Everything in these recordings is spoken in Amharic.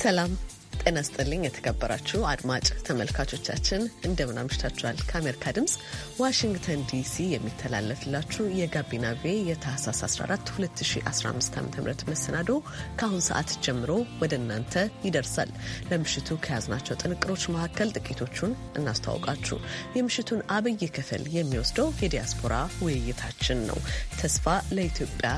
ሰላም ጤና ይስጥልኝ የተከበራችሁ አድማጭ ተመልካቾቻችን፣ እንደምን አምሽታችኋል። ከአሜሪካ ድምፅ ዋሽንግተን ዲሲ የሚተላለፍላችሁ የጋቢና ቬ የታህሳስ 14 2015 ዓ.ም መሰናዶ ከአሁን ሰዓት ጀምሮ ወደ እናንተ ይደርሳል። ለምሽቱ ከያዝናቸው ጥንቅሮች መካከል ጥቂቶቹን እናስተዋውቃችሁ። የምሽቱን አብይ ክፍል የሚወስደው የዲያስፖራ ውይይታችን ነው። ተስፋ ለኢትዮጵያ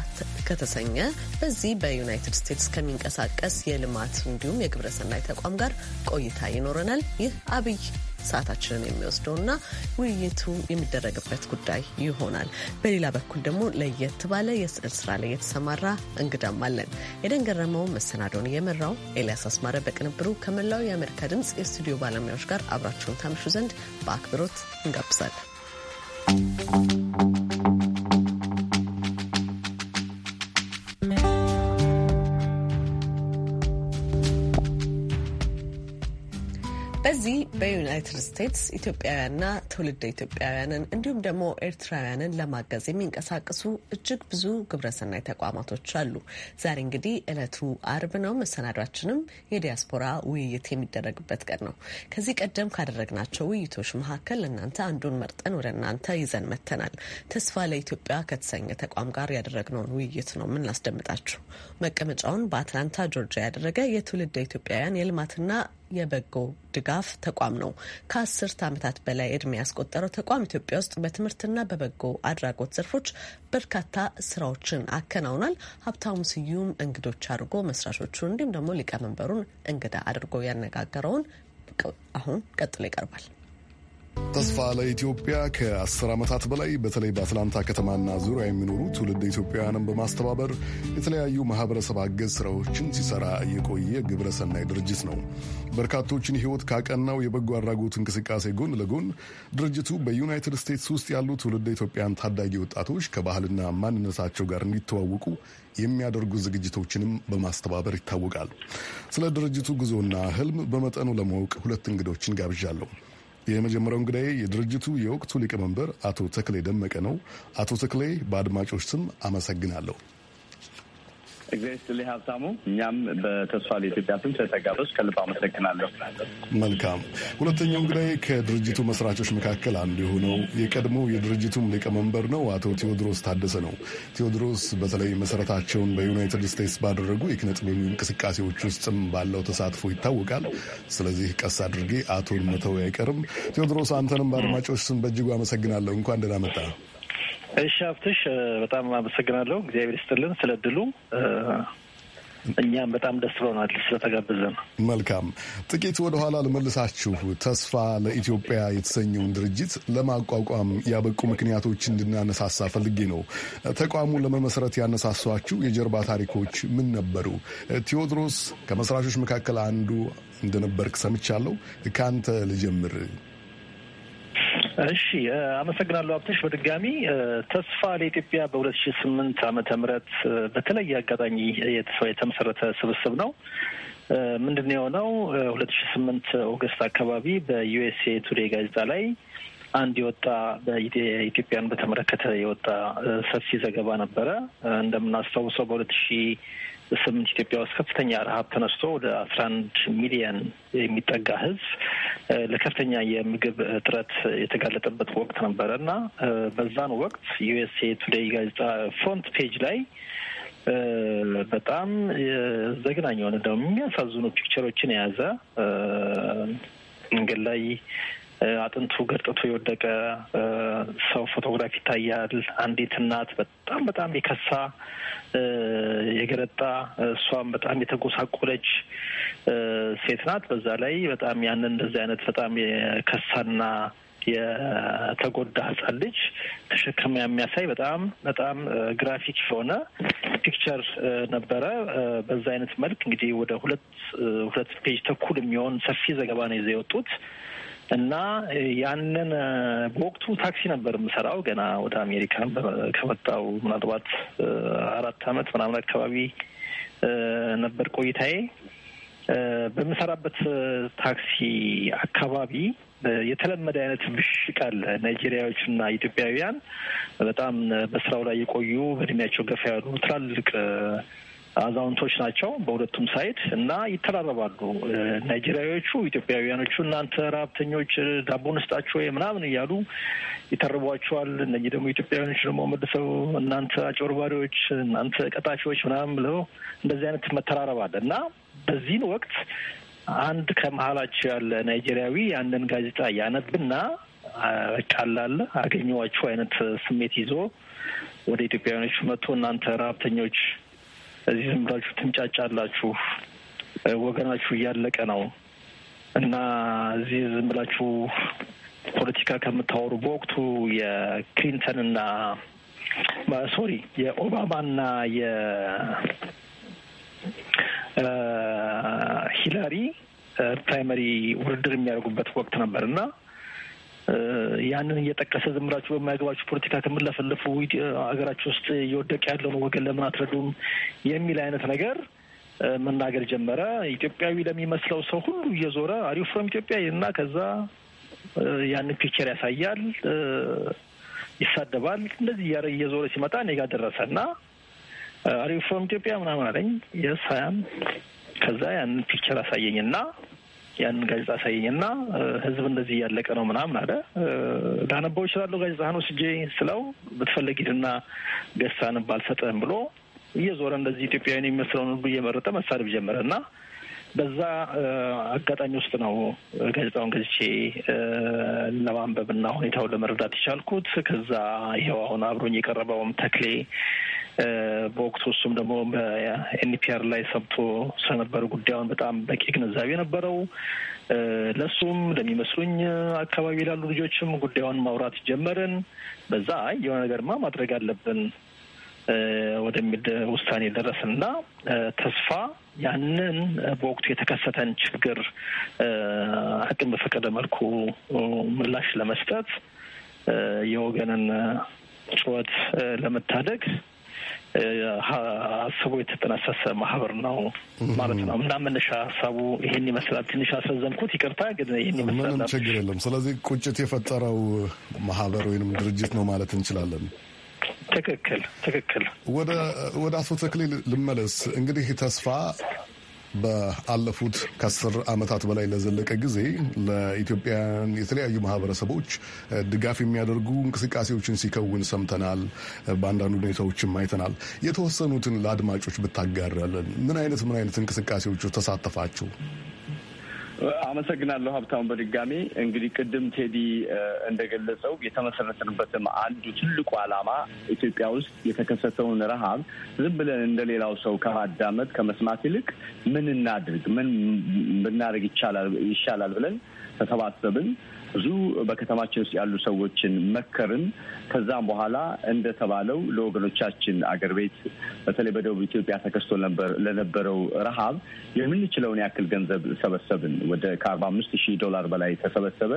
ከተሰኘ በዚህ በዩናይትድ ስቴትስ ከሚንቀሳቀስ የልማት እንዲሁም የግብረሰናይ ተቋም ጋር ቆይታ ይኖረናል። ይህ አብይ ሰዓታችንን የሚወስደውና ውይይቱ የሚደረግበት ጉዳይ ይሆናል። በሌላ በኩል ደግሞ ለየት ባለ የስዕል ስራ ላይ የተሰማራ እንግዳም አለን። ኤደን ገረመው መሰናዶን የመራው ኤልያስ አስማረ በቅንብሩ ከመላው የአሜሪካ ድምፅ የስቱዲዮ ባለሙያዎች ጋር አብራችሁን ታምሹ ዘንድ በአክብሮት እንጋብዛለን። ስቴትስ ኢትዮጵያውያንና ትውልደ ኢትዮጵያውያንን እንዲሁም ደግሞ ኤርትራውያንን ለማገዝ የሚንቀሳቀሱ እጅግ ብዙ ግብረሰናይ ተቋማቶች አሉ። ዛሬ እንግዲህ እለቱ አርብ ነው። መሰናዷችንም የዲያስፖራ ውይይት የሚደረግበት ቀን ነው። ከዚህ ቀደም ካደረግናቸው ውይይቶች መካከል እናንተ አንዱን መርጠን ወደ እናንተ ይዘን መተናል። ተስፋ ለኢትዮጵያ ከተሰኘ ተቋም ጋር ያደረግነውን ውይይት ነው የምናስደምጣችሁ። መቀመጫውን በአትላንታ ጆርጂያ ያደረገ የትውልደ ኢትዮጵያውያን የልማትና የበጎ ድጋፍ ተቋም ነው። ከአስርት ዓመታት በላይ እድሜ ያስቆጠረው ተቋም ኢትዮጵያ ውስጥ በትምህርትና በበጎ አድራጎት ዘርፎች በርካታ ስራዎችን አከናውናል። ሀብታሙ ስዩም እንግዶች አድርጎ መስራቾቹ እንዲሁም ደግሞ ሊቀመንበሩን እንግዳ አድርጎ ያነጋገረውን አሁን ቀጥሎ ይቀርባል። ተስፋ ለኢትዮጵያ ከአስር ዓመታት በላይ በተለይ በአትላንታ ከተማና ዙሪያ የሚኖሩ ትውልድ ኢትዮጵያውያንን በማስተባበር የተለያዩ ማህበረሰብ አገዝ ስራዎችን ሲሰራ የቆየ ግብረሰናይ ድርጅት ነው። በርካቶችን ሕይወት ካቀናው የበጎ አድራጎት እንቅስቃሴ ጎን ለጎን ድርጅቱ በዩናይትድ ስቴትስ ውስጥ ያሉ ትውልድ ኢትዮጵያን ታዳጊ ወጣቶች ከባህልና ማንነታቸው ጋር እንዲተዋወቁ የሚያደርጉ ዝግጅቶችንም በማስተባበር ይታወቃል። ስለ ድርጅቱ ጉዞና ህልም በመጠኑ ለማወቅ ሁለት እንግዶችን ጋብዣለሁ። የመጀመሪያው እንግዳዬ የድርጅቱ የወቅቱ ሊቀመንበር አቶ ተክሌ ደመቀ ነው። አቶ ተክሌ በአድማጮች ስም አመሰግናለሁ። እግዚአብሔር ይስጥልኝ ሀብታሙ። እኛም በተስፋ ለኢትዮጵያ ስም ስለተጋበዝ ከልብ አመሰግናለሁ። መልካም። ሁለተኛው እንግዳይ ከድርጅቱ መስራቾች መካከል አንዱ የሆነው የቀድሞ የድርጅቱም ሊቀመንበር ነው አቶ ቴዎድሮስ ታደሰ ነው። ቴዎድሮስ በተለይ መሰረታቸውን በዩናይትድ ስቴትስ ባደረጉ የኪነ እንቅስቃሴዎች ውስጥም ባለው ተሳትፎ ይታወቃል። ስለዚህ ቀስ አድርጌ አቶን መተው አይቀርም። ቴዎድሮስ አንተንም በአድማጮች ስም በእጅጉ አመሰግናለሁ። እንኳን ደህና መጣ። እሺ ሀብትሽ በጣም አመሰግናለሁ። እግዚአብሔር ይስጥልን ስለ ድሉ። እኛም በጣም ደስ ብሎናል ስለተጋበዘን። መልካም ጥቂት ወደኋላ ልመልሳችሁ። ተስፋ ለኢትዮጵያ የተሰኘውን ድርጅት ለማቋቋም ያበቁ ምክንያቶች እንድናነሳሳ ፈልጌ ነው። ተቋሙ ለመመስረት ያነሳሷችሁ የጀርባ ታሪኮች ምን ነበሩ? ቴዎድሮስ ከመስራቾች መካከል አንዱ እንደነበርክ ሰምቻለሁ። ከአንተ ልጀምር። እሺ አመሰግናለሁ ሀብትሽ። በድጋሚ ተስፋ ለኢትዮጵያ በሁለት ሺ ስምንት ዓመተ ምህረት በተለየ አጋጣሚ የተመሰረተ ስብስብ ነው። ምንድን የሆነው? ሁለት ሺ ስምንት ኦገስት አካባቢ በዩኤስኤ ቱዴ ጋዜጣ ላይ አንድ የወጣ በኢትዮጵያን በተመለከተ የወጣ ሰፊ ዘገባ ነበረ። እንደምናስታውሰው በሁለት ሺ ስምንት ኢትዮጵያ ውስጥ ከፍተኛ ረሀብ ተነስቶ ወደ አስራ አንድ ሚሊየን የሚጠጋ ህዝብ ለከፍተኛ የምግብ እጥረት የተጋለጠበት ወቅት ነበረ እና በዛን ወቅት ዩኤስኤ ቱዴይ ጋዜጣ ፍሮንት ፔጅ ላይ በጣም ዘግናኝ የሆነ ደግሞ የሚያሳዝኑ ፒክቸሮችን የያዘ መንገድ ላይ አጥንቱ ገርጥቶ የወደቀ ሰው ፎቶግራፍ ይታያል። አንዲት እናት በጣም በጣም የከሳ የገረጣ እሷም በጣም የተጎሳቆለች ሴት ናት። በዛ ላይ በጣም ያንን እንደዚህ አይነት በጣም የከሳና የተጎዳ ህጻን ልጅ ተሸክማ የሚያሳይ በጣም በጣም ግራፊክ የሆነ ፒክቸር ነበረ። በዛ አይነት መልክ እንግዲህ ወደ ሁለት ሁለት ፔጅ ተኩል የሚሆን ሰፊ ዘገባ ነው ይዘ የወጡት። እና ያንን በወቅቱ ታክሲ ነበር የምሰራው ገና ወደ አሜሪካ ከመጣው ምናልባት አራት አመት ምናምን አካባቢ ነበር ቆይታዬ። በምሰራበት ታክሲ አካባቢ የተለመደ አይነት ብሽቅ አለ። ናይጄሪያዎች እና ኢትዮጵያውያን በጣም በስራው ላይ የቆዩ በእድሜያቸው ገፋ ያሉ ትላልቅ አዛውንቶች ናቸው በሁለቱም ሳይድ እና ይተራረባሉ። ናይጄሪያዎቹ ኢትዮጵያውያኖቹ እናንተ ረሀብተኞች ዳቦ እንስጣችሁ ምናምን እያሉ ይተርቧቸዋል። እነዚህ ደግሞ ኢትዮጵያውያኖች ደግሞ መልሰው እናንተ አጭበርባሪዎች፣ እናንተ ቀጣፊዎች ምናምን ብለው እንደዚህ አይነት መተራረብ አለ እና በዚህን ወቅት አንድ ከመሀላቸው ያለ ናይጄሪያዊ ያንን ጋዜጣ ያነብና ቃላለ አገኘዋችሁ አይነት ስሜት ይዞ ወደ ኢትዮጵያውያኖች መጥቶ እናንተ ረሀብተኞች እዚህ ዝም ብላችሁ ትንጫጫላችሁ፣ ወገናችሁ እያለቀ ነው እና እዚህ ዝም ብላችሁ ፖለቲካ ከምታወሩ በወቅቱ የክሊንተን እና ሶሪ የኦባማና የሂላሪ ፕራይመሪ ውድድር የሚያደርጉበት ወቅት ነበር እና ያንን እየጠቀሰ ዝም በማያገባችሁ ፖለቲካ ከምለፈልፉ ሀገራችሁ ውስጥ እየወደቀ ያለውን ወገን ለምን አትረዱም የሚል አይነት ነገር መናገር ጀመረ። ኢትዮጵያዊ ለሚመስለው ሰው ሁሉ እየዞረ አሪው ፍሮም ኢትዮጵያ እና ከዛ ያንን ፒክቸር ያሳያል፣ ይሳደባል። እንደዚህ እያረ እየዞረ ሲመጣ እኔ ጋር ደረሰ እና አሪው ፍሮም ኢትዮጵያ ምናምን አለኝ የስ ሀያም ከዛ ያንን ፒክቸር አሳየኝ እና ያንን ጋዜጣ ሳየኝ እና ህዝብ እንደዚህ እያለቀ ነው ምናምን አለ። ላነበው ይችላለሁ ጋዜጣህን ወስጄ ስለው ብትፈለግ ሂድና ገዝተህ ብሎ እየዞረ እንደዚህ ኢትዮጵያዊን የሚመስለውን ሁሉ እየመረጠ መሳደብ ጀመረ እና በዛ አጋጣሚ ውስጥ ነው ጋዜጣውን ገዝቼ ለማንበብና ሁኔታውን ለመረዳት የቻልኩት። ከዛ ይኸው አሁን አብሮኝ የቀረበውም ተክሌ በወቅቱ እሱም ደግሞ በኤንፒአር ላይ ሰብቶ ስለነበረ ጉዳዩን በጣም በቂ ግንዛቤ ነበረው። ለእሱም ለሚመስሉኝ አካባቢ ላሉ ልጆችም ጉዳዩን ማውራት ጀመርን። በዛ የሆነ ነገርማ ማድረግ አለብን ወደሚል ውሳኔ ደረስን ተስፋ ያንን በወቅቱ የተከሰተን ችግር አቅም በፈቀደ መልኩ ምላሽ ለመስጠት የወገንን ጩኸት ለመታደግ አስቦ የተጠነሰሰ ማህበር ነው ማለት ነው እና መነሻ ሀሳቡ ይህን ይመስላል። ትንሽ አስረዘምኩት፣ ይቅርታ ግን ይሄን ይመስላል። ምንም ችግር የለም። ስለዚህ ቁጭት የፈጠረው ማህበር ወይንም ድርጅት ነው ማለት እንችላለን። ትክክል፣ ትክክል። ወደ አቶ ተክሌ ልመለስ። እንግዲህ ተስፋ በአለፉት ከአስር ዓመታት በላይ ለዘለቀ ጊዜ ለኢትዮጵያውያን የተለያዩ ማህበረሰቦች ድጋፍ የሚያደርጉ እንቅስቃሴዎችን ሲከውን ሰምተናል። በአንዳንድ ሁኔታዎችም አይተናል። የተወሰኑትን ለአድማጮች ብታጋራለን። ምን አይነት ምን አይነት እንቅስቃሴዎቹ ተሳተፋችሁ? አመሰግናለሁ ሀብታሙ። በድጋሚ እንግዲህ ቅድም ቴዲ እንደገለጸው የተመሰረትንበትም አንዱ ትልቁ ዓላማ ኢትዮጵያ ውስጥ የተከሰተውን ረሃብ ዝም ብለን እንደሌላው ሰው ከማዳመጥ ከመስማት ይልቅ ምን እናድርግ፣ ምን ብናደርግ ይሻላል ብለን ተሰባሰብን። ብዙ በከተማችን ውስጥ ያሉ ሰዎችን መከርን። ከዛም በኋላ እንደተባለው ለወገኖቻችን አገር ቤት በተለይ በደቡብ ኢትዮጵያ ተከስቶ ለነበረው ረሃብ የምንችለውን ያክል ገንዘብ ሰበሰብን። ወደ ከአርባ አምስት ሺህ ዶላር በላይ ተሰበሰበ።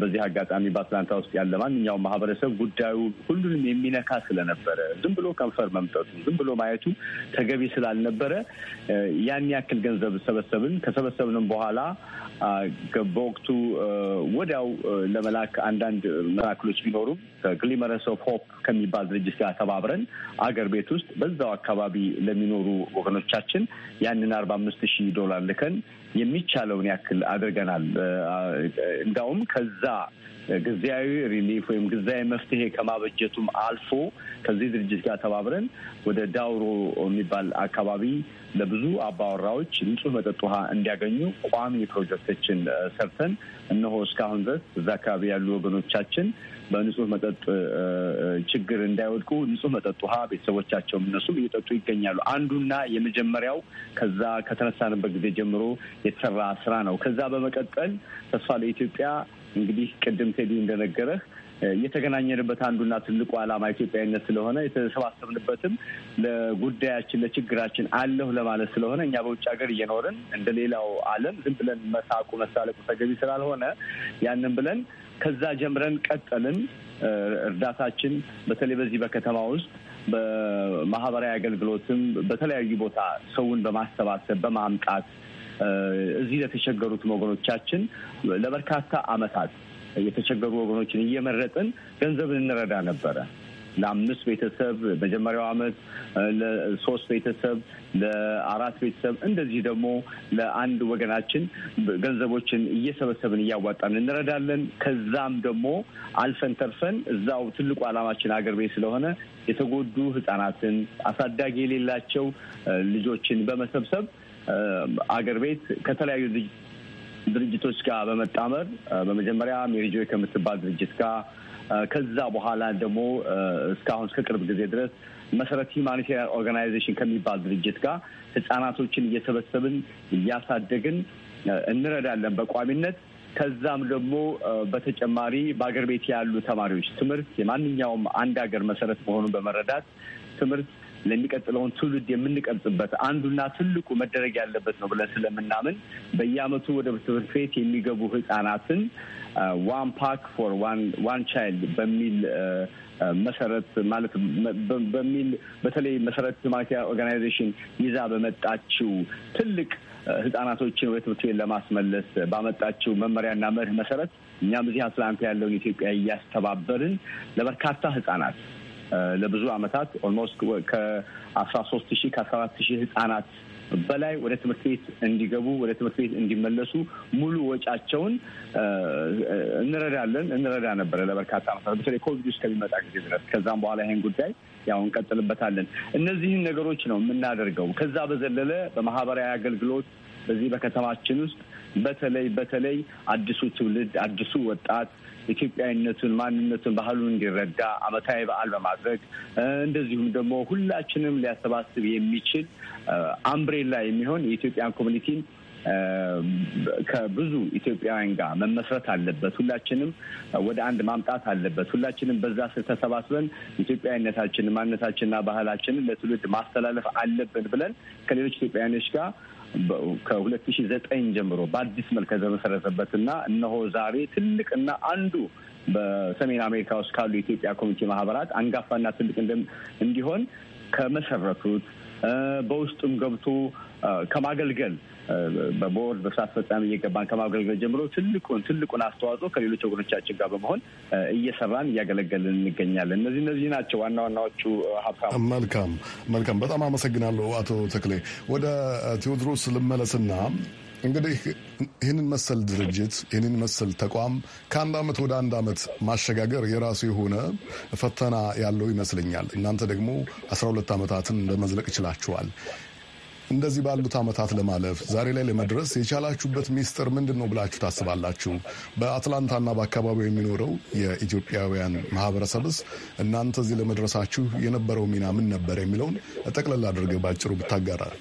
በዚህ አጋጣሚ በአትላንታ ውስጥ ያለ ማንኛውም ማህበረሰብ ጉዳዩ ሁሉንም የሚነካ ስለነበረ ዝም ብሎ ከንፈር መምጠቱ ዝም ብሎ ማየቱ ተገቢ ስላልነበረ ያን ያክል ገንዘብ ሰበሰብን። ከሰበሰብንም በኋላ በወቅቱ ወዲያው ለመላክ አንዳንድ መላክሎች ቢኖሩም ከግሊመረስ ኦፍ ሆፕ ከሚባል ድርጅት ጋር ተባብረን አገር ቤት ውስጥ በዛው አካባቢ ለሚኖሩ ወገኖቻችን ያንን አርባ አምስት ሺህ ዶላር ልከን የሚቻለውን ያክል አድርገናል። እንዳውም ከዛ ጊዜያዊ ሪሊፍ ወይም ጊዜያዊ መፍትሄ ከማበጀቱም አልፎ ከዚህ ድርጅት ጋር ተባብረን ወደ ዳውሮ የሚባል አካባቢ ለብዙ አባወራዎች ንጹህ መጠጥ ውሃ እንዲያገኙ ቋሚ ፕሮጀክቶችን ሰርተን እነሆ እስካሁን ድረስ እዛ አካባቢ ያሉ ወገኖቻችን በንጹህ መጠጥ ችግር እንዳይወድቁ ንጹህ መጠጥ ውሃ ቤተሰቦቻቸውም እነሱም እየጠጡ ይገኛሉ። አንዱና የመጀመሪያው ከዛ ከተነሳንበት ጊዜ ጀምሮ የተሰራ ስራ ነው። ከዛ በመቀጠል ተስፋ ለኢትዮጵያ እንግዲህ ቅድም ቴዲ እንደነገረህ የተገናኘንበት አንዱና ትልቁ ዓላማ ኢትዮጵያዊነት ስለሆነ የተሰባሰብንበትም ለጉዳያችን ለችግራችን አለሁ ለማለት ስለሆነ እኛ በውጭ ሀገር እየኖርን እንደ ሌላው ዓለም ዝም ብለን መሳቁ መሳለቁ ተገቢ ስላልሆነ ያንን ብለን ከዛ ጀምረን ቀጠልን። እርዳታችን በተለይ በዚህ በከተማ ውስጥ በማህበራዊ አገልግሎትም በተለያዩ ቦታ ሰውን በማሰባሰብ በማምጣት እዚህ ለተቸገሩት ወገኖቻችን ለበርካታ አመታት የተቸገሩ ወገኖችን እየመረጥን ገንዘብ እንረዳ ነበረ። ለአምስት ቤተሰብ መጀመሪያው አመት፣ ለሶስት ቤተሰብ፣ ለአራት ቤተሰብ እንደዚህ ደግሞ ለአንድ ወገናችን ገንዘቦችን እየሰበሰብን እያዋጣን እንረዳለን። ከዛም ደግሞ አልፈን ተርፈን እዛው ትልቁ ዓላማችን አገር ቤት ስለሆነ የተጎዱ ህጻናትን አሳዳጊ የሌላቸው ልጆችን በመሰብሰብ አገር ቤት ከተለያዩ ድርጅቶች ጋር በመጣመር በመጀመሪያ ሜሪጆ ከምትባል ድርጅት ጋር ከዛ በኋላ ደግሞ እስካሁን እስከ ቅርብ ጊዜ ድረስ መሰረት ሂማኒቴሪያን ኦርጋናይዜሽን ከሚባል ድርጅት ጋር ህጻናቶችን እየሰበሰብን እያሳደግን እንረዳለን በቋሚነት። ከዛም ደግሞ በተጨማሪ በአገር ቤት ያሉ ተማሪዎች ትምህርት የማንኛውም አንድ ሀገር መሰረት መሆኑን በመረዳት ትምህርት ለሚቀጥለውን ትውልድ የምንቀርጽበት አንዱና ትልቁ መደረግ ያለበት ነው ብለን ስለምናምን በየአመቱ ወደ ትምህርት ቤት የሚገቡ ህጻናትን ዋን ፓክ ፎር ዋን ቻይልድ በሚል መሰረት ማለት በሚል በተለይ መሰረት ልማት ኦርጋናይዜሽን ይዛ በመጣችው ትልቅ ህጻናቶችን ወደ ትምህርት ቤት ለማስመለስ ባመጣችው መመሪያና መርህ መሰረት እኛም እዚህ አትላንታ ያለውን ኢትዮጵያ እያስተባበርን ለበርካታ ህጻናት ለብዙ ዓመታት ኦልሞስት ከአስራ ሶስት ሺህ ከአስራ አራት ሺህ ህጻናት በላይ ወደ ትምህርት ቤት እንዲገቡ ወደ ትምህርት ቤት እንዲመለሱ ሙሉ ወጫቸውን እንረዳለን እንረዳ ነበረ ለበርካታ ዓመታት በተለይ ኮቪድ ውስጥ ከሚመጣ ጊዜ ድረስ። ከዛም በኋላ ይህን ጉዳይ ያው እንቀጥልበታለን። እነዚህን ነገሮች ነው የምናደርገው። ከዛ በዘለለ በማህበራዊ አገልግሎት በዚህ በከተማችን ውስጥ በተለይ በተለይ አዲሱ ትውልድ አዲሱ ወጣት ኢትዮጵያዊነቱን፣ ማንነቱን፣ ባህሉን እንዲረዳ አመታዊ በዓል በማድረግ እንደዚሁም ደግሞ ሁላችንም ሊያሰባስብ የሚችል አምብሬላ የሚሆን የኢትዮጵያን ኮሚኒቲን ከብዙ ኢትዮጵያውያን ጋር መመስረት አለበት። ሁላችንም ወደ አንድ ማምጣት አለበት። ሁላችንም በዛ ስር ተሰባስበን ኢትዮጵያዊነታችንን ማንነታችንና ባህላችንን ለትውልድ ማስተላለፍ አለብን ብለን ከሌሎች ኢትዮጵያውያኖች ጋር ከ209 ጀምሮ በአዲስ መልክ የተመሰረተበትና እነሆ ዛሬ ትልቅና አንዱ በሰሜን አሜሪካ ውስጥ ካሉ የኢትዮጵያ ኮሚኒቲ ማህበራት አንጋፋና ትልቅ እንዲሆን ከመሰረቱት በውስጡም ገብቶ ከማገልገል በቦርድ በስራ አስፈጻሚ እየገባን ከማገልገል ጀምሮ ትልቁን ትልቁን አስተዋጽኦ ከሌሎች ወገኖቻችን ጋር በመሆን እየሰራን እያገለገልን እንገኛለን። እነዚህ እነዚህ ናቸው ዋና ዋናዎቹ። ሀብታ መልካም መልካም፣ በጣም አመሰግናለሁ አቶ ተክሌ። ወደ ቴዎድሮስ ልመለስና እንግዲህ ይህንን መሰል ድርጅት ይህንን መሰል ተቋም ከአንድ ዓመት ወደ አንድ ዓመት ማሸጋገር የራሱ የሆነ ፈተና ያለው ይመስለኛል። እናንተ ደግሞ አስራ ሁለት ዓመታትን በመዝለቅ ችላችኋል። እንደዚህ ባሉት ዓመታት ለማለፍ ዛሬ ላይ ለመድረስ የቻላችሁበት ሚስጥር ምንድን ነው ብላችሁ ታስባላችሁ? በአትላንታና በአካባቢው የሚኖረው የኢትዮጵያውያን ማህበረሰብስ እናንተ እዚህ ለመድረሳችሁ የነበረው ሚና ምን ነበር የሚለውን ጠቅለል አድርገ ባጭሩ ብታጋራል።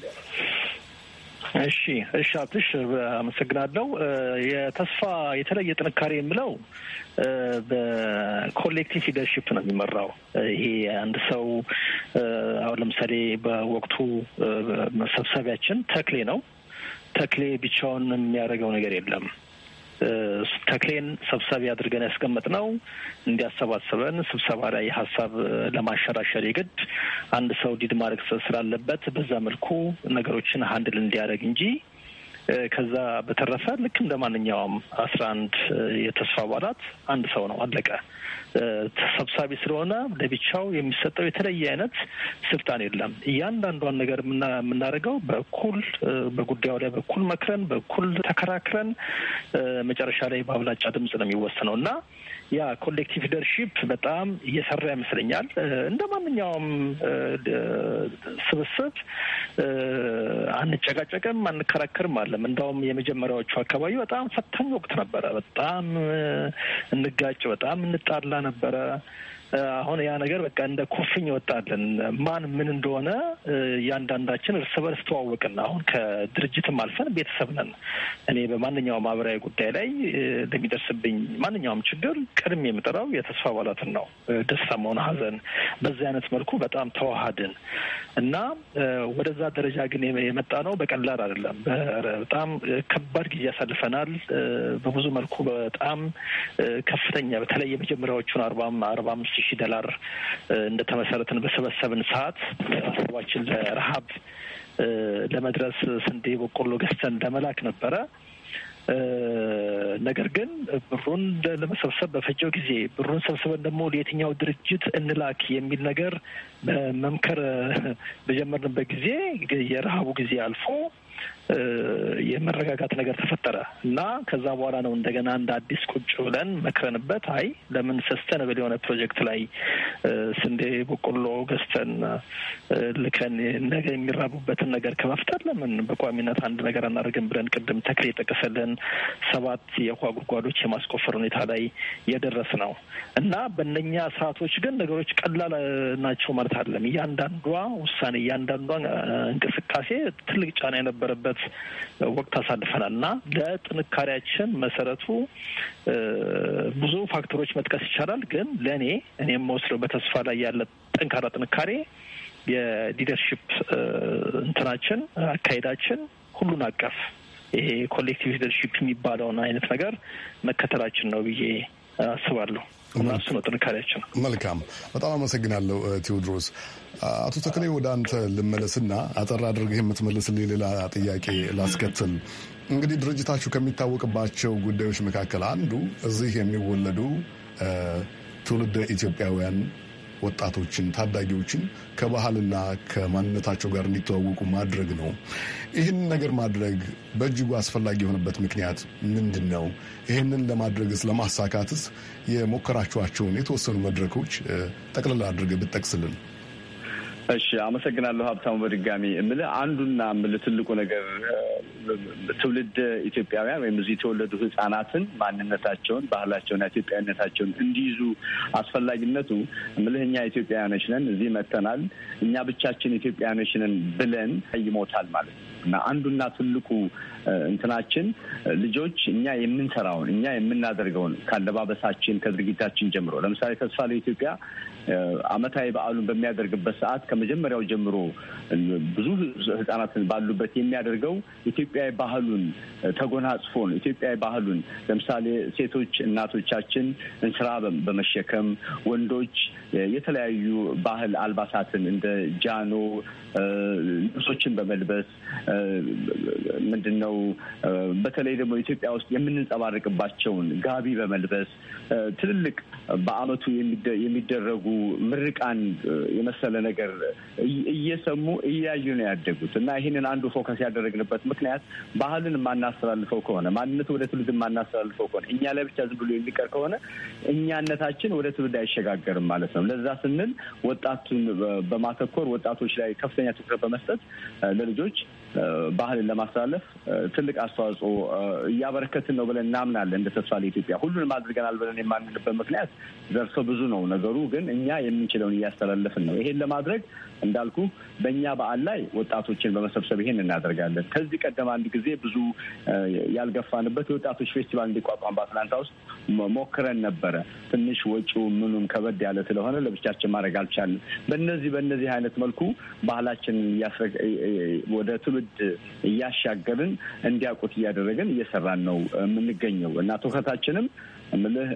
እሺ እሺ፣ አትሽ አመሰግናለሁ። የተስፋ የተለየ ጥንካሬ የምለው በኮሌክቲቭ ሊደርሽፕ ነው የሚመራው። ይሄ አንድ ሰው አሁን ለምሳሌ በወቅቱ መሰብሰቢያችን ተክሌ ነው። ተክሌ ብቻውን የሚያደርገው ነገር የለም። ተክሌን ሰብሳቢ አድርገን ነው። እንዲያሰባስበን ስብሰባ ላይ ሀሳብ ለማሸራሸር የግድ አንድ ሰው ዲድ ማድረግ ስላለበት በዛ መልኩ ነገሮችን ሀንድል እንዲያደርግ እንጂ ከዛ በተረፈ ልክ እንደ ማንኛውም አስራ አንድ የተስፋ አባላት አንድ ሰው ነው አለቀ። ተሰብሳቢ ስለሆነ ለብቻው የሚሰጠው የተለየ አይነት ስልጣን የለም። እያንዳንዷን ነገር የምናደርገው በኩል በጉዳዩ ላይ በኩል መክረን በኩል ተከራክረን መጨረሻ ላይ በአብላጫ ድምጽ ነው የሚወሰነው እና ያ ኮሌክቲቭ ሊደርሺፕ በጣም እየሰራ ይመስለኛል። እንደ ማንኛውም ስብስብ አንጨቃጨቅም፣ አንከራከርም አለም። እንዳውም የመጀመሪያዎቹ አካባቢ በጣም ፈታኝ ወቅት ነበረ። በጣም እንጋጭ፣ በጣም እንጣላ ነበረ አሁን ያ ነገር በቃ እንደ ኮፍኝ ወጣልን። ማን ምን እንደሆነ እያንዳንዳችን እርስ በርስ ተዋወቅን። አሁን ከድርጅትም አልፈን ቤተሰብ ነን። እኔ በማንኛውም ማህበራዊ ጉዳይ ላይ ለሚደርስብኝ ማንኛውም ችግር ቅድም የምጠራው የተስፋ አባላትን ነው። ደስታ ሆነ ሀዘን በዚህ አይነት መልኩ በጣም ተዋሃድን እና ወደዛ ደረጃ ግን የመጣ ነው በቀላል አይደለም። በጣም ከባድ ጊዜ ያሳልፈናል። በብዙ መልኩ በጣም ከፍተኛ በተለይ የመጀመሪያዎቹን አርባ አርባ አምስት ሺህ ዶላር እንደተመሰረትን በሰበሰብን ሰዓት ሀሳባችን ለረሀብ ለመድረስ ስንዴ፣ በቆሎ ገዝተን ለመላክ ነበረ። ነገር ግን ብሩን ለመሰብሰብ በፈጀው ጊዜ ብሩን ሰብስበን ደግሞ ለየትኛው ድርጅት እንላክ የሚል ነገር መምከር በጀመርንበት ጊዜ የረሃቡ ጊዜ አልፎ የመረጋጋት ነገር ተፈጠረ እና ከዛ በኋላ ነው እንደገና እንደ አዲስ ቁጭ ብለን መክረንበት፣ አይ ለምን ሰስተነብል የሆነ ፕሮጀክት ላይ ስንዴ፣ በቆሎ ገዝተን ልከን ነገ የሚራቡበትን ነገር ከመፍጠር ለምን በቋሚነት አንድ ነገር አናደርግም ብለን ቅድም ተክሌ የጠቀሰልን ሰባት የውሃ ጉድጓዶች የማስቆፈር ሁኔታ ላይ የደረስ ነው እና በእነኛ ሰዓቶች ግን ነገሮች ቀላል ናቸው ማለት አይደለም። እያንዳንዷ ውሳኔ፣ እያንዳንዷ እንቅስቃሴ ትልቅ ጫና የነበረ የነበረበት ወቅት አሳልፈናል እና ለጥንካሬያችን መሰረቱ ብዙ ፋክተሮች መጥቀስ ይቻላል። ግን ለእኔ እኔ መወስደው በተስፋ ላይ ያለ ጠንካራ ጥንካሬ የሊደርሽፕ እንትናችን፣ አካሄዳችን ሁሉን አቀፍ ይሄ ኮሌክቲቭ ሊደርሽፕ የሚባለውን አይነት ነገር መከተላችን ነው ብዬ አስባለሁ። እሱ ነው ጥንካሬያችን። መልካም በጣም አመሰግናለሁ ቴዎድሮስ። አቶ ተክሌ ወደ አንተ ልመለስና አጠር አድርገህ የምትመልስልኝ ሌላ ጥያቄ ላስከትል። እንግዲህ ድርጅታችሁ ከሚታወቅባቸው ጉዳዮች መካከል አንዱ እዚህ የሚወለዱ ትውልደ ኢትዮጵያውያን ወጣቶችን፣ ታዳጊዎችን ከባህልና ከማንነታቸው ጋር እንዲተዋወቁ ማድረግ ነው። ይህን ነገር ማድረግ በእጅጉ አስፈላጊ የሆነበት ምክንያት ምንድን ነው? ይህንን ለማድረግስ ለማሳካትስ የሞከራችኋቸውን የተወሰኑ መድረኮች ጠቅልላ አድርገ ብትጠቅስልን። እሺ አመሰግናለሁ ሀብታሙ። በድጋሚ የምልህ አንዱና የምልህ ትልቁ ነገር ትውልድ ኢትዮጵያውያን ወይም እዚህ የተወለዱ ህጻናትን ማንነታቸውን፣ ባህላቸውን ኢትዮጵያዊነታቸውን እንዲይዙ አስፈላጊነቱ የምልህ እኛ ኢትዮጵያውያኖች ነን፣ እዚህ መጥተናል፣ እኛ ብቻችን ኢትዮጵያውያኖች ነን ብለን ይሞታል ማለት ነው እና አንዱና ትልቁ እንትናችን ልጆች እኛ የምንሰራውን እኛ የምናደርገውን ከአለባበሳችን ከድርጊታችን ጀምሮ ለምሳሌ ተስፋ ለኢትዮጵያ አመታዊ በዓሉን በሚያደርግበት ሰዓት ከመጀመሪያው ጀምሮ ብዙ ህጻናትን ባሉበት የሚያደርገው ኢትዮጵያዊ ባህሉን ተጎናጽፎን ኢትዮጵያዊ ባህሉን ለምሳሌ ሴቶች እናቶቻችን እንስራ በመሸከም ወንዶች የተለያዩ ባህል አልባሳትን እንደ ጃኖ ልብሶችን በመልበስ ምንድን ነው በተለይ ደግሞ ኢትዮጵያ ውስጥ የምንንጸባርቅባቸውን ጋቢ በመልበስ ትልልቅ በአመቱ የሚደረጉ ምርቃን የመሰለ ነገር እየሰሙ እያዩ ነው ያደጉት እና ይህንን አንዱ ፎከስ ያደረግንበት ምክንያት ባህልን የማናስተላልፈው ከሆነ ማንነቱ ወደ ትውልድ የማናስተላልፈው ከሆነ እኛ ላይ ብቻ ዝም ብሎ የሚቀር ከሆነ እኛነታችን ወደ ትውልድ አይሸጋገርም ማለት ነው። ለዛ ስንል ወጣቱን በማተኮር ወጣቶች ላይ ከፍተኛ ትኩረት በመስጠት ለልጆች ባህልን ለማስተላለፍ ትልቅ አስተዋጽኦ እያበረከትን ነው ብለን እናምናለን። እንደ ተስፋ ለኢትዮጵያ ሁሉንም አድርገናል ብለን የማንልበት ምክንያት ዘርፈ ብዙ ነው። ነገሩ ግን እኛ የምንችለውን እያስተላለፍን ነው። ይሄን ለማድረግ እንዳልኩ በእኛ በዓል ላይ ወጣቶችን በመሰብሰብ ይሄን እናደርጋለን። ከዚህ ቀደም አንድ ጊዜ ብዙ ያልገፋንበት የወጣቶች ፌስቲቫል እንዲቋቋም በአትላንታ ውስጥ ሞክረን ነበረ። ትንሽ ወጪው ምኑም ከበድ ያለ ስለሆነ ለብቻችን ማድረግ አልቻለን። በነዚህ በነዚህ አይነት መልኩ ባህላችንን ወደ ትሉ ትውልድ እያሻገርን እንዲያውቁት እያደረግን እየሰራን ነው የምንገኘው እና ትኩረታችንም ምልህ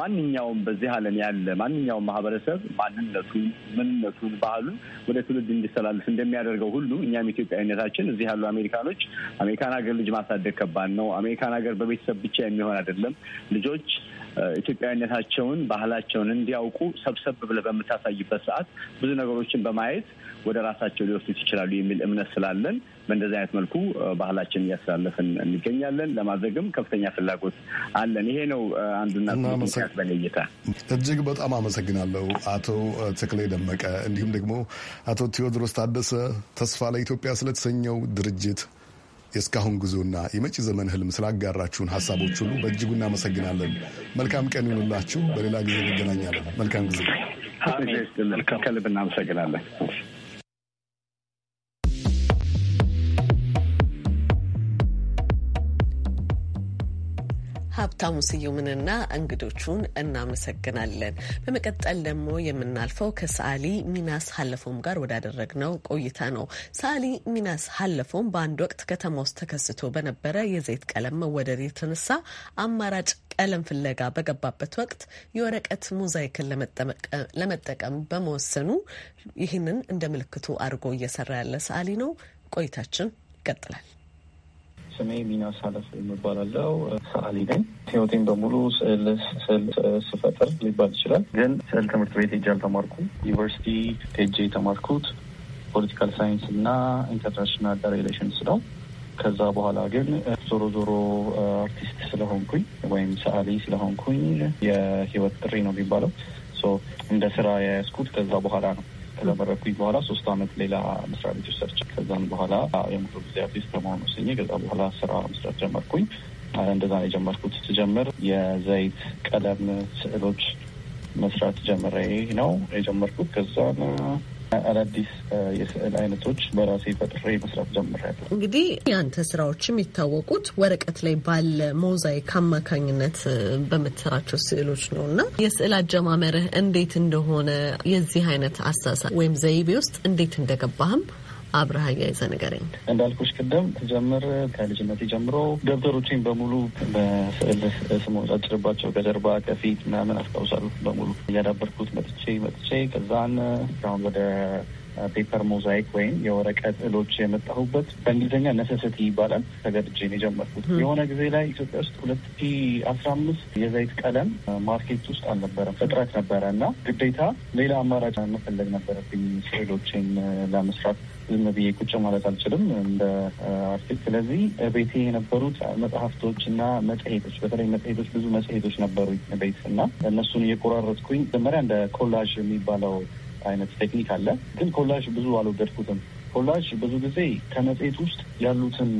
ማንኛውም በዚህ ዓለም ያለ ማንኛውም ማህበረሰብ ማንነቱን፣ ምንነቱን፣ ባህሉን ወደ ትውልድ እንዲስተላልፍ እንደሚያደርገው ሁሉ እኛም ኢትዮጵያዊነታችን እዚህ ያሉ አሜሪካኖች አሜሪካን ሀገር ልጅ ማሳደግ ከባድ ነው። አሜሪካን ሀገር በቤተሰብ ብቻ የሚሆን አይደለም። ልጆች ኢትዮጵያዊነታቸውን፣ ባህላቸውን እንዲያውቁ ሰብሰብ ብለህ በምታሳይበት ሰዓት ብዙ ነገሮችን በማየት ወደ ራሳቸው ሊወስዱት ይችላሉ የሚል እምነት ስላለን በእንደዚህ አይነት መልኩ ባህላችን እያስተላለፍን እንገኛለን። ለማድረግም ከፍተኛ ፍላጎት አለን። ይሄ ነው አንዱና ምክንያት በኔ እጅግ በጣም አመሰግናለሁ አቶ ተክሌ ደመቀ፣ እንዲሁም ደግሞ አቶ ቴዎድሮስ ታደሰ ተስፋ ለኢትዮጵያ ስለተሰኘው ድርጅት የእስካሁን ጉዞና የመጪ ዘመን ህልም ስላጋራችሁን ሀሳቦች ሁሉ በእጅጉ እናመሰግናለን። መልካም ቀን ይሁንላችሁ። በሌላ ጊዜ እንገናኛለን። መልካም ጊዜ። ከልብ እናመሰግናለን። ሀብታሙ ስዩምንና እንግዶቹን እናመሰግናለን። በመቀጠል ደግሞ የምናልፈው ከሰዓሊ ሚናስ ሀለፎም ጋር ወዳደረግነው ቆይታ ነው። ሰዓሊ ሚናስ ሀለፎም በአንድ ወቅት ከተማ ውስጥ ተከስቶ በነበረ የዘይት ቀለም መወደድ የተነሳ አማራጭ ቀለም ፍለጋ በገባበት ወቅት የወረቀት ሞዛይክን ለመጠቀም በመወሰኑ ይህንን እንደ ምልክቱ አድርጎ እየሰራ ያለ ሰዓሊ ነው። ቆይታችን ይቀጥላል። ስሜ ሚናስ አለፍ የሚባላለው ሰአሊ ነኝ። ህይወቴን በሙሉ ስዕል ስዕል ስፈጥር ሊባል ይችላል። ግን ስዕል ትምህርት ቤት ሄጄ አልተማርኩም። ዩኒቨርሲቲ ሄጄ የተማርኩት ፖለቲካል ሳይንስ እና ኢንተርናሽናል ሪሌሽንስ ነው። ከዛ በኋላ ግን ዞሮ ዞሮ አርቲስት ስለሆንኩኝ ወይም ሰአሊ ስለሆንኩኝ የህይወት ጥሪ ነው የሚባለው እንደ ስራ የያዝኩት ከዛ በኋላ ነው። ከተመረኩኝ በኋላ ሶስት አመት ሌላ መስሪያ ቤቶች ሰርቼ ከዛም በኋላ የሙሉ ጊዜ አርቲስት ለመሆኑ ስኜ ከዛ በኋላ ስራ መስራት ጀመርኩኝ። እንደዛ ነው የጀመርኩት። ስጀምር የዘይት ቀለም ስዕሎች መስራት ጀምሬ ነው የጀመርኩት። ከዛ አዳዲስ የስዕል አይነቶች በራሴ ፈጥሬ መስራት ጀምሬያለሁ። እንግዲህ ያንተ ስራዎች የሚታወቁት ወረቀት ላይ ባለ ሞዛይክ አማካኝነት በምትሰራቸው ስዕሎች ነው እና የስዕል አጀማመርህ እንዴት እንደሆነ የዚህ አይነት አሳሳ ወይም ዘይቤ ውስጥ እንዴት እንደገባህም አብረሃ አያይዘ ነገረኝ። እንዳልኩሽ ቅድም ጀምር ከልጅነት ጀምሮ ደብተሮችን በሙሉ በስዕል ስሞ ጫጭርባቸው ከጀርባ ከፊት ምናምን አስታውሳሉ በሙሉ እያዳበርኩት መጥቼ መጥቼ ከዛን ሁን ወደ ፔፐር ሞዛይክ ወይም የወረቀት እሎች የመጣሁበት በእንግሊዝኛ ነሰሰቲ ይባላል። ተገድጄን የጀመርኩት የሆነ ጊዜ ላይ ኢትዮጵያ ውስጥ ሁለት ሺ አስራ አምስት የዘይት ቀለም ማርኬት ውስጥ አልነበረም፣ እጥረት ነበረ እና ግዴታ ሌላ አማራጭ መፈለግ ነበረብኝ ስዕሎችን ለመስራት ዝም ብዬ ቁጭ ማለት አልችልም እንደ አርቲስት። ስለዚህ ቤቴ የነበሩት መጽሐፍቶች እና መጽሄቶች፣ በተለይ መጽሄቶች ብዙ መጽሄቶች ነበሩ ቤት እና እነሱን እየቆራረጥኩኝ መጀመሪያ እንደ ኮላዥ የሚባለው አይነት ቴክኒክ አለ። ግን ኮላጅ ብዙ አልወደድኩትም። ኮላጅ ብዙ ጊዜ ከመጽሔት ውስጥ ያሉትን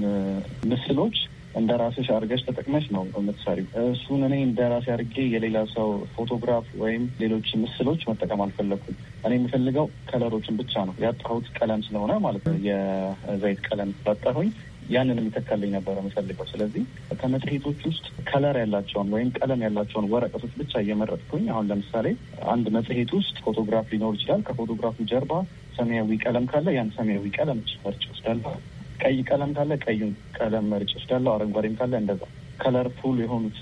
ምስሎች እንደ ራስሽ አድርገሽ ተጠቅመሽ ነው የምትሰሪው። እሱን እኔ እንደ ራሴ አድርጌ የሌላ ሰው ፎቶግራፍ ወይም ሌሎች ምስሎች መጠቀም አልፈለግኩም። እኔ የምፈልገው ከለሮችን ብቻ ነው። ያጣሁት ቀለም ስለሆነ ማለት ነው የዘይት ቀለም ጠጣሁኝ። ያንን የሚተካልኝ ነበረ የምፈልገው። ስለዚህ ከመጽሔቶች ውስጥ ከለር ያላቸውን ወይም ቀለም ያላቸውን ወረቀቶች ብቻ እየመረጥኩኝ አሁን ለምሳሌ አንድ መጽሔት ውስጥ ፎቶግራፍ ሊኖር ይችላል። ከፎቶግራፉ ጀርባ ሰማያዊ ቀለም ካለ ያን ሰማያዊ ቀለም መርጭ እወስዳለሁ። ቀይ ቀለም ካለ ቀዩን ቀለም መርጭ እወስዳለሁ። አረንጓዴም ካለ እንደዛ ከለርፉል የሆኑት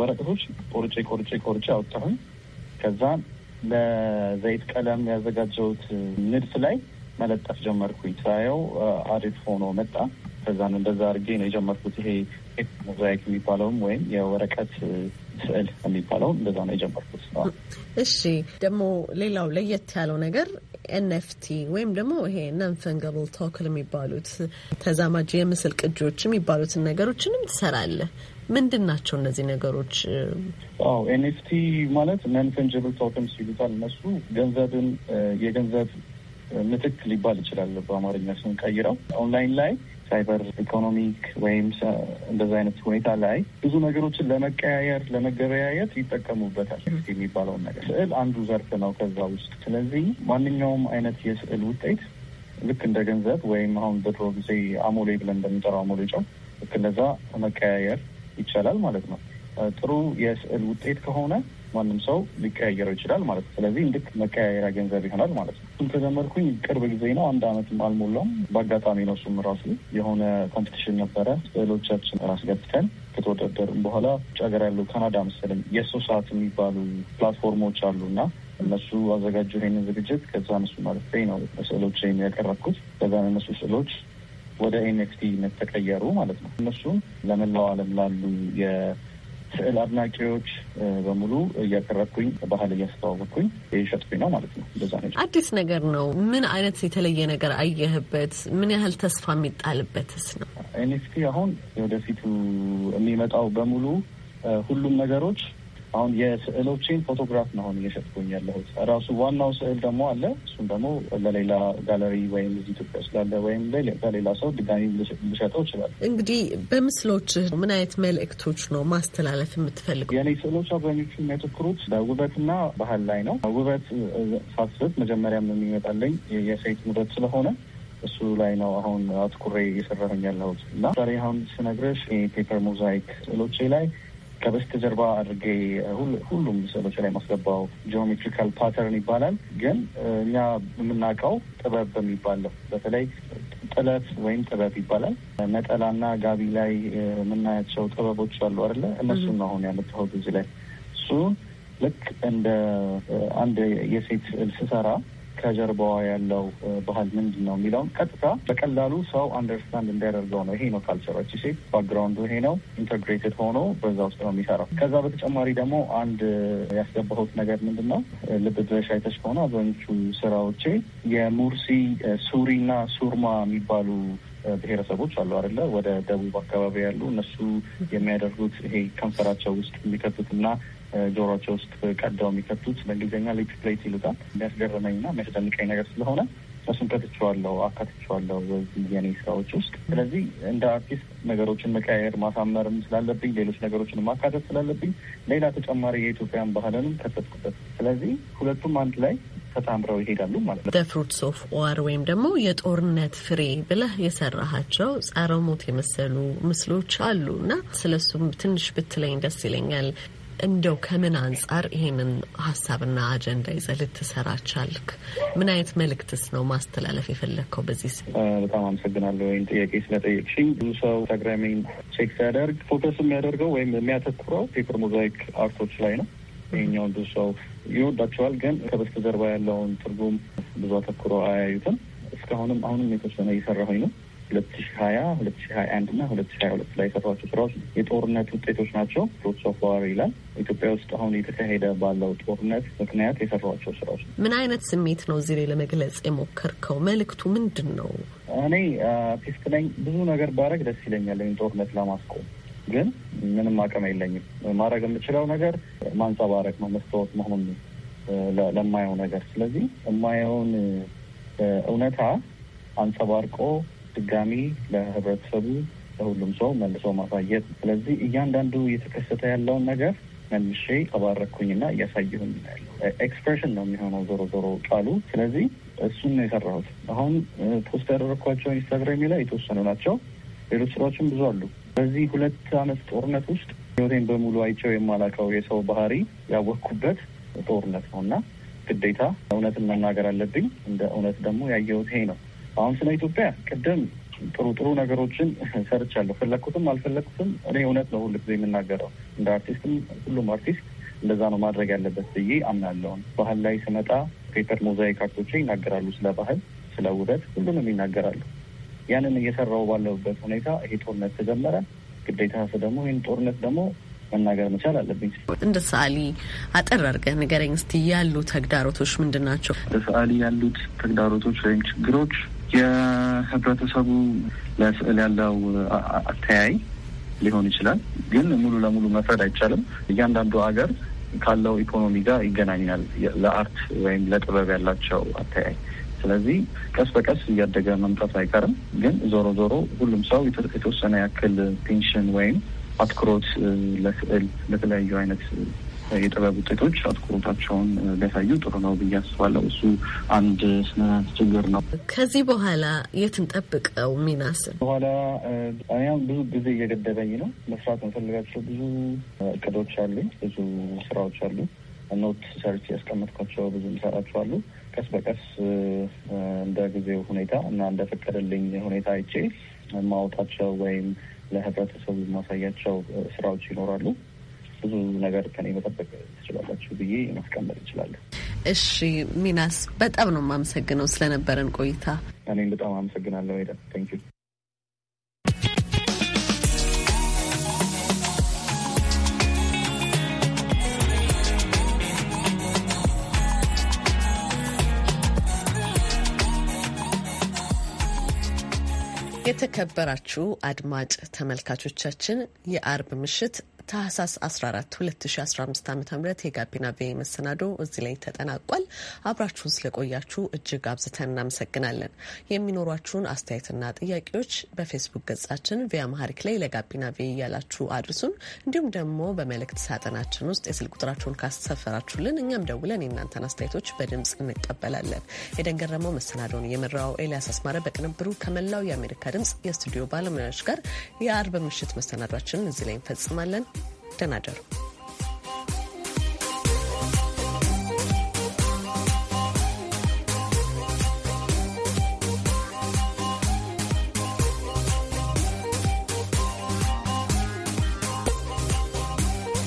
ወረቀቶች ቆርጬ ቆርጬ ቆርጬ አወጣሁኝ። ከዛ ለዘይት ቀለም ያዘጋጀሁት ንድፍ ላይ መለጠፍ ጀመርኩኝ። ሳየው አሪፍ ሆኖ መጣ። ከዛን እንደዛ አድርጌ ነው የጀመርኩት። ይሄ ሞዛይክ የሚባለውም ወይም የወረቀት ስዕል የሚባለውም እንደዛ ነው የጀመርኩት። እሺ፣ ደግሞ ሌላው ለየት ያለው ነገር ኤንኤፍቲ ወይም ደግሞ ይሄ ነን ፈንገብል ቶክል የሚባሉት ተዛማጅ የምስል ቅጂዎች የሚባሉትን ነገሮችንም ትሰራለህ። ምንድን ናቸው እነዚህ ነገሮች? ኤንኤፍቲ ማለት ነን ፈንጀብል ቶክን ሲሉታል እነሱ ገንዘብን የገንዘብ ምትክ ሊባል ይችላል በአማርኛ ስንቀይረው። ኦንላይን ላይ ሳይበር ኢኮኖሚክ ወይም እንደዛ አይነት ሁኔታ ላይ ብዙ ነገሮችን ለመቀያየር ለመገበያየት ይጠቀሙበታል የሚባለውን ነገር ስዕል አንዱ ዘርፍ ነው ከዛ ውስጥ። ስለዚህ ማንኛውም አይነት የስዕል ውጤት ልክ እንደ ገንዘብ ወይም አሁን በድሮ ጊዜ አሞሌ ብለን እንደምንጠራው አሞሌ ጨው ልክ እንደዛ መቀያየር ይቻላል ማለት ነው። ጥሩ የስዕል ውጤት ከሆነ ማንም ሰው ሊቀያየረው ይችላል ማለት ነው። ስለዚህ ልክ መቀያየሪያ ገንዘብ ይሆናል ማለት ነው። እሱም ተጀመርኩኝ ቅርብ ጊዜ ነው። አንድ አመትም አልሞላም። በአጋጣሚ ነው እሱም ራሱ የሆነ ኮምፒቲሽን ነበረ። ስዕሎቻችን ራስ ገጥተን ከተወዳደርን በኋላ ውጭ ሀገር ያሉ ካናዳ መሰለኝ የሰው ሰዓት የሚባሉ ፕላትፎርሞች አሉ እና እነሱ አዘጋጁ ይሄንን ዝግጅት። ከዛ እነሱ ማለት ነው ስዕሎች ያቀረብኩት። ከዛ እነሱ ስዕሎች ወደ ኤንኤፍቲነት ተቀየሩ ማለት ነው። እነሱም ለመላው ዓለም ላሉ ስዕል አድናቂዎች በሙሉ እያቀረብኩኝ ባህል እያስተዋወቅኩኝ እየሸጥኩኝ ነው ማለት ነው። በዛ ነው አዲስ ነገር ነው። ምን አይነት የተለየ ነገር አየህበት? ምን ያህል ተስፋ የሚጣልበትስ ነው? ኤንኤፍቲ አሁን ወደፊቱ የሚመጣው በሙሉ ሁሉም ነገሮች አሁን የስዕሎችን ፎቶግራፍ ነው አሁን እየሸጥኩኝ ያለሁት። ራሱ ዋናው ስዕል ደግሞ አለ። እሱም ደግሞ ለሌላ ጋለሪ ወይም እዚህ ኢትዮጵያ ስላለ ወይም ለሌላ ሰው ድጋሚ ልሸጠው ይችላል። እንግዲህ በምስሎች ምን አይነት መልእክቶች ነው ማስተላለፍ የምትፈልገው? የኔ ስዕሎች አብዛኞቹ የሚያተኩሩት በውበትና ባህል ላይ ነው። ውበት ሳስብ መጀመሪያም የሚመጣለኝ የሴት ውበት ስለሆነ እሱ ላይ ነው አሁን አትኩሬ እየሰራሁኝ ያለሁት እና ዛሬ አሁን ስነግረሽ ፔፐር ሞዛይክ ስዕሎቼ ላይ ከበስተጀርባ አድርጌ ሁሉም ምስሎች ላይ ማስገባው ጂኦሜትሪካል ፓተርን ይባላል። ግን እኛ የምናውቀው ጥበብ በሚባለው በተለይ ጥለት ወይም ጥበብ ይባላል። ነጠላና ጋቢ ላይ የምናያቸው ጥበቦች አሉ አይደለ? እነሱን አሁን ያመጣሁት እዚህ ላይ እሱ ልክ እንደ አንድ የሴት ስሰራ ከጀርባዋ ያለው ባህል ምንድን ነው የሚለውን ቀጥታ በቀላሉ ሰው አንደርስታንድ እንዳያደርገው ነው። ይሄ ነው ካልቸሮች ሴት ባክግራውንዱ ይሄ ነው ኢንተግሬትድ ሆኖ በዛ ውስጥ ነው የሚሰራው። ከዛ በተጨማሪ ደግሞ አንድ ያስገባሁት ነገር ምንድን ነው ልብ ብለሽ አይተሽ ከሆነ አብዛኞቹ ስራዎቼ የሙርሲ ሱሪ ሱሪና ሱርማ የሚባሉ ብሔረሰቦች አሉ አይደለ? ወደ ደቡብ አካባቢ ያሉ እነሱ የሚያደርጉት ይሄ ከንፈራቸው ውስጥ የሚከቱት እና ጆሮቸው ውስጥ ቀደው የሚከቱት በእንግሊዝኛ ሊፕ ፕሌት ይሉታል። የሚያስገርመኝ እና የሚያስደንቀኝ ነገር ስለሆነ እሱን ከትቼዋለሁ፣ አካትቼዋለሁ በዚህ የኔ ስራዎች ውስጥ። ስለዚህ እንደ አርቲስት ነገሮችን መቀያየር ማሳመርም ስላለብኝ ሌሎች ነገሮችን ማካተት ስላለብኝ ሌላ ተጨማሪ የኢትዮጵያን ባህልንም ከተትኩበት። ስለዚህ ሁለቱም አንድ ላይ ተጣምረው ይሄዳሉ ማለት ነው። ፍሩትስ ኦፍ ዋር ወይም ደግሞ የጦርነት ፍሬ ብለህ የሰራሃቸው ጸረ ሞት የመሰሉ ምስሎች አሉ እና ስለሱም ትንሽ ብትለኝ ደስ ይለኛል። እንደው ከምን አንጻር ይሄንን ሀሳብና አጀንዳ ይዘህ ልትሰራ ቻልክ? ምን አይነት መልእክትስ ነው ማስተላለፍ የፈለግከው በዚህ? በጣም አመሰግናለሁ ወይም ጥያቄ ስለጠየቅሽኝ። ብዙ ሰው ኢንስታግራሚን ቼክ ሲያደርግ ፎከስ የሚያደርገው ወይም የሚያተኩረው ፔፐር ሞዛይክ አርቶች ላይ ነው። ይህኛውን ብዙ ሰው ይወዳቸዋል፣ ግን ከበስተጀርባ ያለውን ትርጉም ብዙ አተኩረው አያዩትም። እስካሁንም አሁንም የተወሰነ እየሰራሁኝ ነው ሁለት ሺ ሀያ ሁለት ሺ ሀያ አንድ እና ሁለት ሺ ሀያ ሁለት ላይ የሰሯቸው ስራዎች የጦርነት ውጤቶች ናቸው። ሩትስ ኦፍ ዋር ይላል። ኢትዮጵያ ውስጥ አሁን የተካሄደ ባለው ጦርነት ምክንያት የሰሯቸው ስራዎች። ምን አይነት ስሜት ነው እዚህ ላይ ለመግለጽ የሞከርከው? መልእክቱ ምንድን ነው? እኔ አርቲስት ነኝ። ብዙ ነገር ባረግ ደስ ይለኛል ጦርነት ለማስቆም ግን ምንም አቅም የለኝም። ማድረግ የምችለው ነገር ማንጸባረቅ ነው፣ መስታወት መሆን ለማየው ነገር። ስለዚህ የማየውን እውነታ አንጸባርቆ ድጋሚ ለህብረተሰቡ ለሁሉም ሰው መልሶ ማሳየት። ስለዚህ እያንዳንዱ እየተከሰተ ያለውን ነገር መልሼ አባረኩኝና እያሳየሁኝ ያለው ኤክስፕሬሽን ነው የሚሆነው ዞሮ ዞሮ ቃሉ። ስለዚህ እሱን ነው የሰራሁት። አሁን ፖስት ያደረግኳቸው ኢንስታግራም ላይ የተወሰኑ ናቸው። ሌሎች ስራዎችም ብዙ አሉ። በዚህ ሁለት አመት ጦርነት ውስጥ ህይወቴን በሙሉ አይቼው የማላውቀው የሰው ባህሪ ያወቅኩበት ጦርነት ነው እና ግዴታ እውነትን መናገር አለብኝ። እንደ እውነት ደግሞ ያየሁት ይሄ ነው። አሁን ስለ ኢትዮጵያ ቅድም ጥሩ ጥሩ ነገሮችን ሰርቻለሁ። ፈለግኩትም አልፈለግኩትም እኔ እውነት ነው ሁል ጊዜ የምናገረው። እንደ አርቲስትም ሁሉም አርቲስት እንደዛ ነው ማድረግ ያለበት ብዬ አምናለውን። ባህል ላይ ስመጣ ፔፐር ሞዛይክ አርቶቼ ይናገራሉ ስለ ባህል፣ ስለ ውበት፣ ሁሉንም ይናገራሉ። ያንን እየሰራው ባለሁበት ሁኔታ ይሄ ጦርነት ተጀመረ። ግዴታ ደግሞ ይህን ጦርነት ደግሞ መናገር መቻል አለብኝ። እንደ ሰዓሊ አጠር አድርገህ ንገረኝ እስቲ ያሉ ተግዳሮቶች ምንድን ናቸው? እንደ ሰዓሊ ያሉት ተግዳሮቶች ወይም ችግሮች የህብረተሰቡ ለስዕል ያለው አተያይ ሊሆን ይችላል። ግን ሙሉ ለሙሉ መፍረድ አይቻልም። እያንዳንዱ ሀገር ካለው ኢኮኖሚ ጋር ይገናኛል ለአርት ወይም ለጥበብ ያላቸው አተያይ። ስለዚህ ቀስ በቀስ እያደገ መምጣት አይቀርም። ግን ዞሮ ዞሮ ሁሉም ሰው የተወሰነ ያክል ፔንሽን ወይም አትኩሮት ለስዕል ለተለያዩ አይነት የጥበብ ውጤቶች አትኩሮታቸውን ሊያሳዩ ጥሩ ነው ብዬ አስባለሁ። እሱ አንድ ስነ ችግር ነው። ከዚህ በኋላ የትንጠብቀው ሚናስ በኋላ ያው ብዙ ጊዜ እየገደበኝ ነው። መስራት መፈልጋቸው ብዙ እቅዶች አሉ፣ ብዙ ስራዎች አሉ። ኖት ሰርች ያስቀመጥኳቸው ብዙ ሰራቸው አሉ። ቀስ በቀስ እንደ ጊዜው ሁኔታ እና እንደፈቀደልኝ ሁኔታ አይቼ የማወጣቸው ወይም ለህብረተሰቡ ማሳያቸው ስራዎች ይኖራሉ። ብዙ ነገር ከኔ መጠበቅ ትችላላችሁ ብዬ ማስቀመጥ እችላለሁ። እሺ ሚናስ፣ በጣም ነው የማመሰግነው ስለነበረን ቆይታ። እኔም በጣም አመሰግናለሁ ሄደ ታንክ ዩ። የተከበራችሁ አድማጭ ተመልካቾቻችን የአርብ ምሽት ታህሳስ 14 2015 ዓ ም የጋቢና ቪ መሰናዶ እዚህ ላይ ተጠናቋል። አብራችሁን ስለቆያችሁ እጅግ አብዝተን እናመሰግናለን። የሚኖሯችሁን አስተያየትና ጥያቄዎች በፌስቡክ ገጻችን ቪያ ማሀሪክ ላይ ለጋቢና ቪ እያላችሁ አድርሱን። እንዲሁም ደግሞ በመልእክት ሳጥናችን ውስጥ የስልክ ቁጥራችሁን ካሰፈራችሁልን እኛም ደውለን የእናንተን አስተያየቶች በድምፅ እንቀበላለን። የደንገረመው መሰናዶን መሰናዶውን የመራው ኤልያስ አስማረ በቅንብሩ ከመላው የአሜሪካ ድምፅ የስቱዲዮ ባለሙያዎች ጋር የአርብ ምሽት መሰናዷችንን እዚህ ላይ እንፈጽማለን። ተናደሩ።